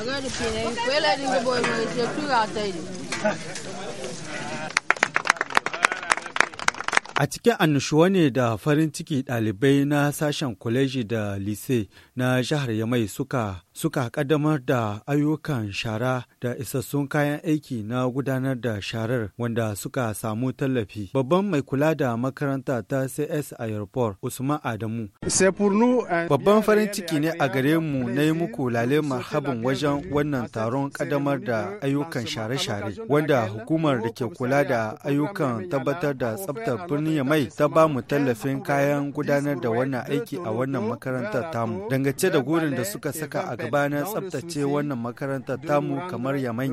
We're letting the boys boa noite, eu fui lá, tá aí. A cikin annushuwa ne da farin ciki ɗalibai na sashen kwaleji da lise na jihar Yamai suka suka kaddamar da ayyukan shara da isassun kayan aiki na gudanar da sharar wanda suka samu tallafi. Babban mai kula da makaranta ta CS Airport Usman Adamu. Babban farin ciki ne a gare mu na yi muku lale marhaban wajen wannan taron kaddamar da ayyukan share-share wanda hukumar da ke kula da ayyukan tabbatar da tsabtar birni birnin mai ta ba mu tallafin kayan gudanar da wannan aiki a wannan makarantar tamu. Dangace da gurin da suka saka a gaba na tsabtace wannan makarantar tamu kamar Yaman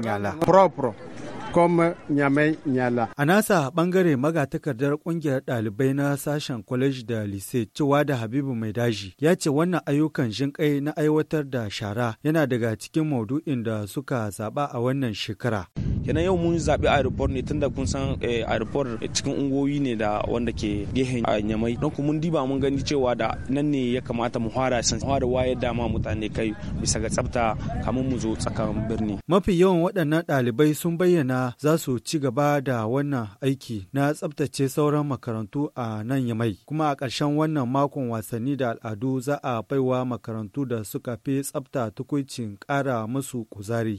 Yala. A nasa bangare magatakardar kungiyar dalibai na sashen kwaleji da lise cewa da Habibu Mai Daji ya ce wannan ayyukan jinƙai na aiwatar da shara yana daga cikin maudu'in da suka zaba a wannan shekara. kenan yau mun zaɓi aeroport ne tunda kun san eh, aeroport cikin ungoyi ne da wanda ke gehen nyamai don ku mun diba mun gani cewa da nan ne ya kamata mu fara san fara wayar da mutane kai bisa ga tsafta kamun mu zo tsakan birni mafi yawan waɗannan ɗalibai sun bayyana za su ci gaba da wannan aiki na tsaftace sauran makarantu a nan yamai kuma a ƙarshen wannan makon wasanni da al'adu za a baiwa makarantu da suka fi tsafta tukuicin ƙara musu kuzari